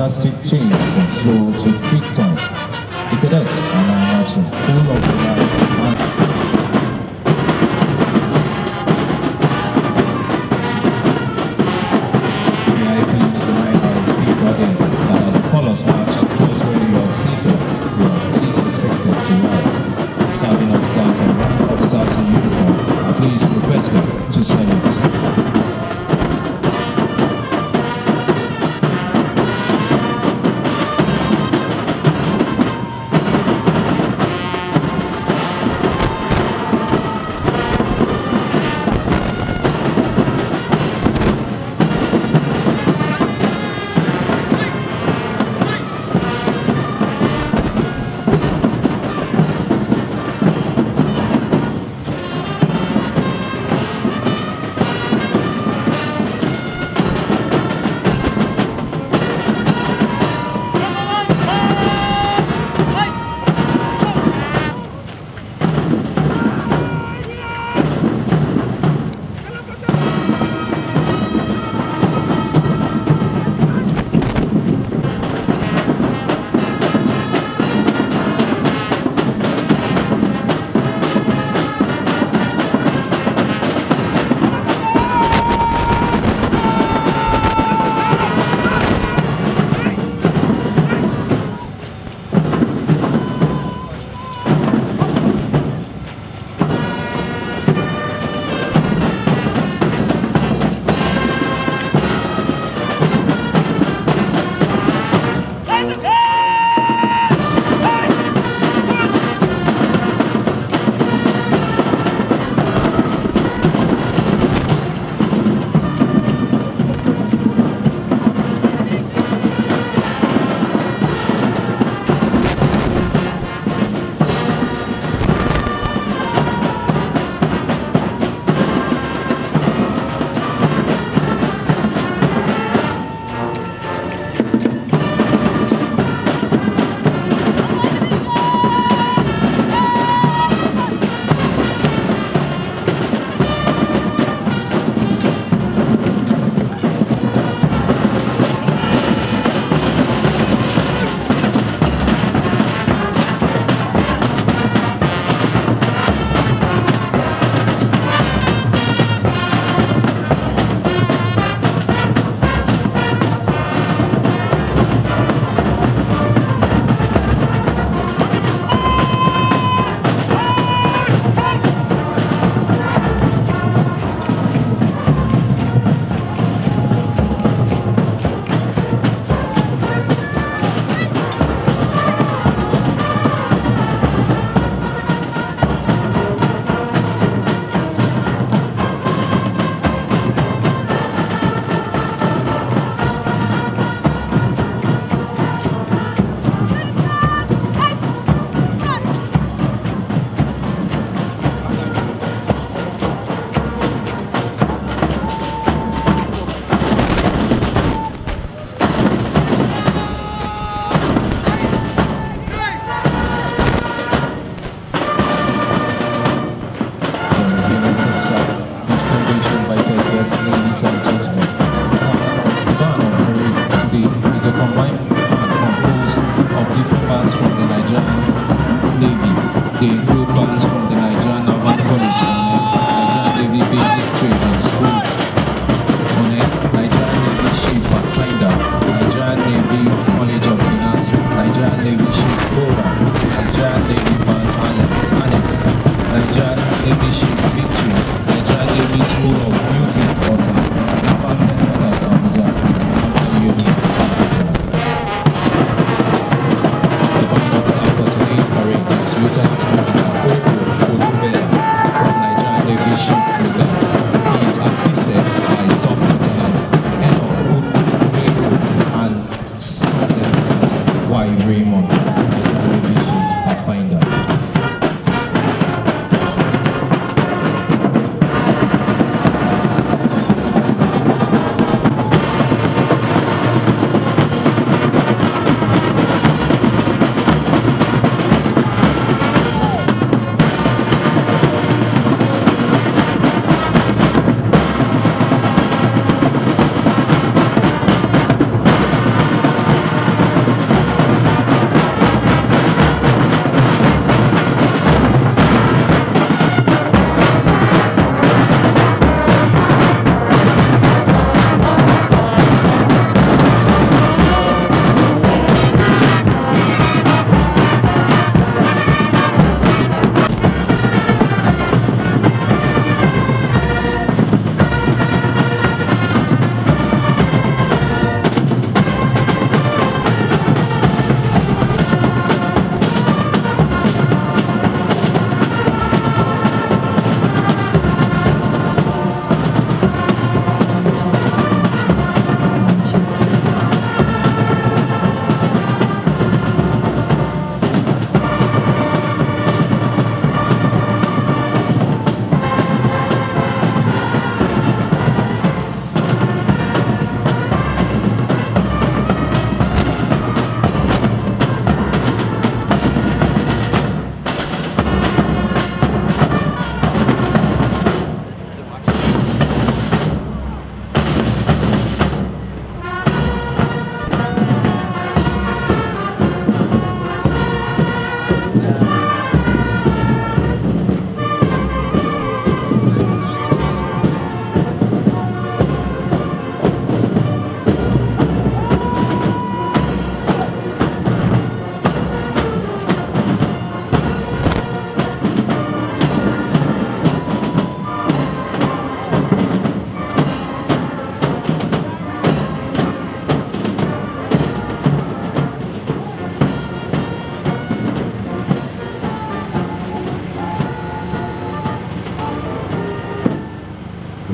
plastic change from slow to quick time. The cadets are now marching full of the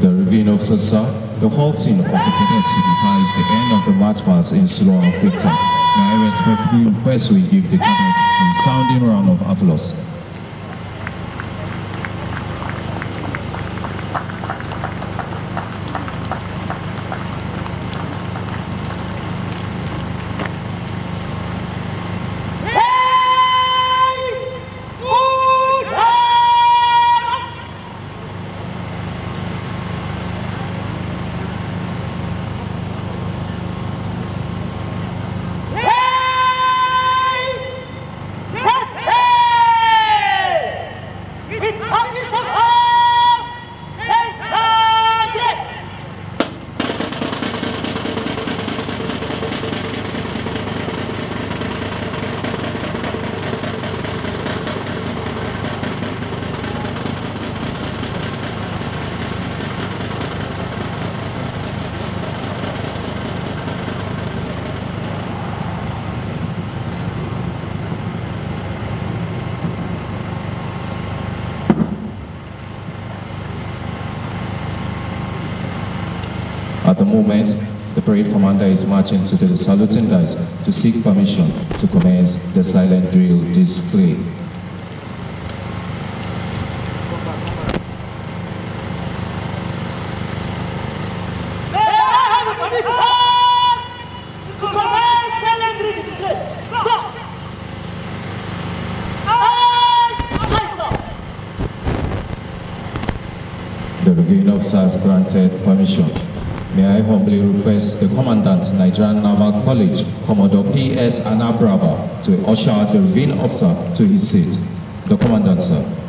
The ravine of Sasa, the halting of the cadets signifies the end of the march past in Sloan Victor. Now I respectfully request we give the cadets a sounding round of applause. At the moment, the parade commander is marching to the saluting guys to seek permission to commence the silent drill display. The Ravine officers granted permission may I humbly request the Commandant Nigerian Naval College, Commodore P.S. Anabrava, to usher the revealing officer to his seat. The Commandant, sir.